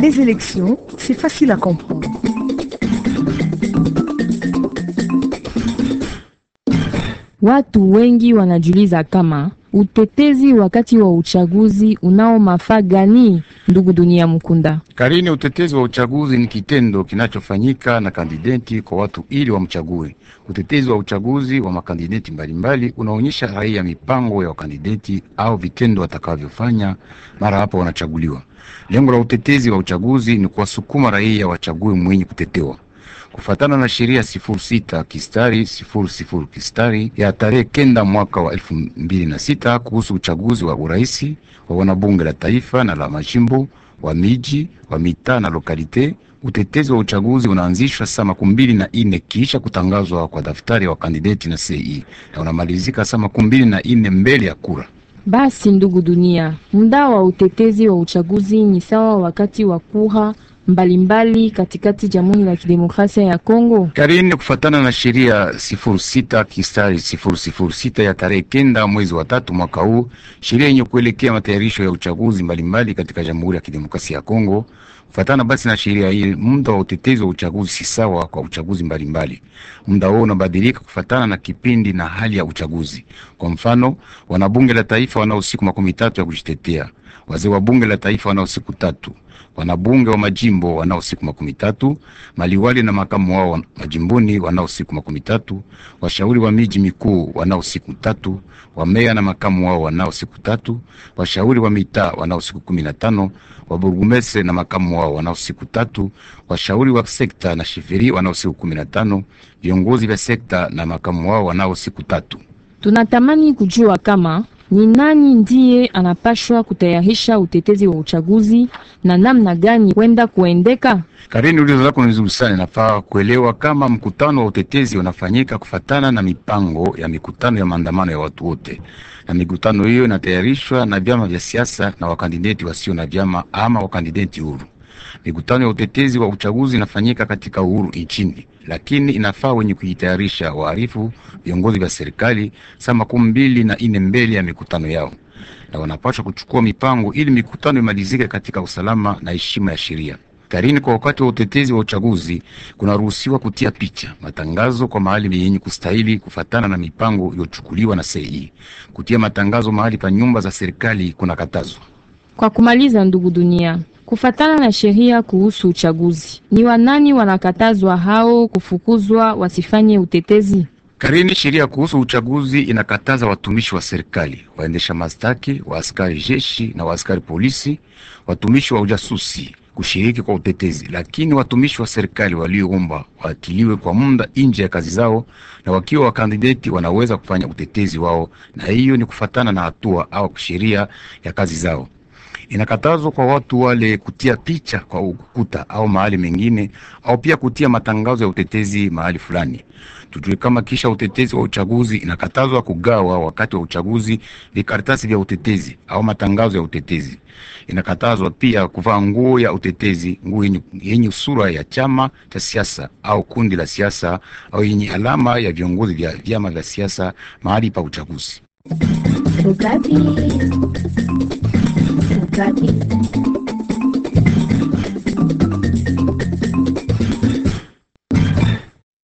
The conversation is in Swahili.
Les élections, c'est facile à comprendre. Watu wengi wanajiuliza kama utetezi wakati wa uchaguzi unao mafaa gani? Ndugu Dunia Mkunda Karini, utetezi wa uchaguzi ni kitendo kinachofanyika na kandideti kwa watu ili wamchague. Utetezi wa uchaguzi wa makandideti mbalimbali unaonyesha raia mipango ya wakandideti au vitendo watakavyofanya mara hapo wanachaguliwa. Lengo la utetezi wa uchaguzi ni kuwasukuma raia wachague mwenye kutetewa kufatana na sheria sifuri sita kistari sifuri sifuri kistari ya tarehe kenda mwaka wa elfu mbili na sita kuhusu uchaguzi wa uraisi wa wanabunge la taifa na la majimbo wa miji wa mitaa na lokalite. Utetezi wa uchaguzi unaanzishwa saa makumi mbili na ine kisha kutangazwa kwa daftari ya wa wakandideti na ce na unamalizika saa makumi mbili na ine mbele ya kura. Basi ndugu dunia, muda wa utetezi wa uchaguzi ni sawa wakati wa kura mbalimbali katikati Jamhuri ya Kidemokrasia ya Kongo. Karine, kufatana na sheria 06 kistari 006 ya tarehe kenda mwezi wa tatu mwaka huu, sheria yenye kuelekea matayarisho ya uchaguzi mbalimbali katika Jamhuri ya Kidemokrasia ya Kongo. Kufatana basi na sheria hii, muda wa utetezi wa uchaguzi si sawa kwa uchaguzi mbalimbali. Muda huo unabadilika kufatana na kipindi na hali ya uchaguzi. Kwa mfano, wanabunge la taifa wanao siku makumi tatu ya kujitetea wazee wa bunge la taifa wanao siku tatu, wanabunge wa majimbo wanao siku makumi tatu, maliwali na makamu wao majimboni wanao siku makumi tatu, washauri wa miji mikuu wanao siku tatu, wameya na makamu wao wanao siku tatu, washauri wa mitaa wanao siku kumi na tano, waburgumese na makamu wao wanao siku tatu, washauri wa sekta na shifiri wanao siku kumi na tano, viongozi vya sekta na makamu wao wanao siku tatu. Tunatamani kujua kama ni nani ndiye anapashwa kutayarisha utetezi wa uchaguzi na namna gani kwenda kuendeka? Karini, ulizo lako ni nzuri sana. Inafaa kuelewa kama mkutano wa utetezi unafanyika kufatana na mipango ya mikutano ya maandamano ya watu wote, na mikutano hiyo inatayarishwa na vyama vya siasa na wakandideti wasio na vyama ama wakandideti huru. Mikutano ya utetezi wa uchaguzi inafanyika katika uhuru nchini lakini inafaa wenye kujitayarisha waarifu viongozi vya serikali saa makumi mbili na ine mbele ya mikutano yao, na wanapaswa kuchukua mipango ili mikutano imalizike katika usalama na heshima ya sheria. Karini, kwa wakati wa utetezi wa uchaguzi kunaruhusiwa kutia picha, matangazo kwa mahali yenye kustahili kufatana na mipango iliyochukuliwa na sehi. Kutia matangazo mahali pa nyumba za serikali kunakatazwa. Kwa kumaliza, ndugu dunia kufatana na sheria kuhusu uchaguzi. Ni wanani wanakatazwa hao kufukuzwa wasifanye utetezi? Karini sheria kuhusu uchaguzi inakataza watumishi wa serikali, waendesha mastaki waaskari jeshi na waaskari polisi, watumishi wa ujasusi kushiriki kwa utetezi, lakini watumishi wa serikali walioomba waatiliwe kwa muda nje ya kazi zao na wakiwa wakandideti wanaweza kufanya utetezi wao, na hiyo ni kufatana na hatua au sheria ya kazi zao. Inakatazwa kwa watu wale kutia picha kwa ukuta au mahali mengine, au pia kutia matangazo ya utetezi mahali fulani. Tujue kama kisha utetezi wa uchaguzi inakatazwa kugawa wakati wa uchaguzi vikaratasi vya utetezi au matangazo ya utetezi. Inakatazwa pia kuvaa nguo ya utetezi, nguo yenye sura ya chama cha siasa au kundi la siasa au yenye alama ya viongozi vya vyama vya siasa mahali pa uchaguzi. гадить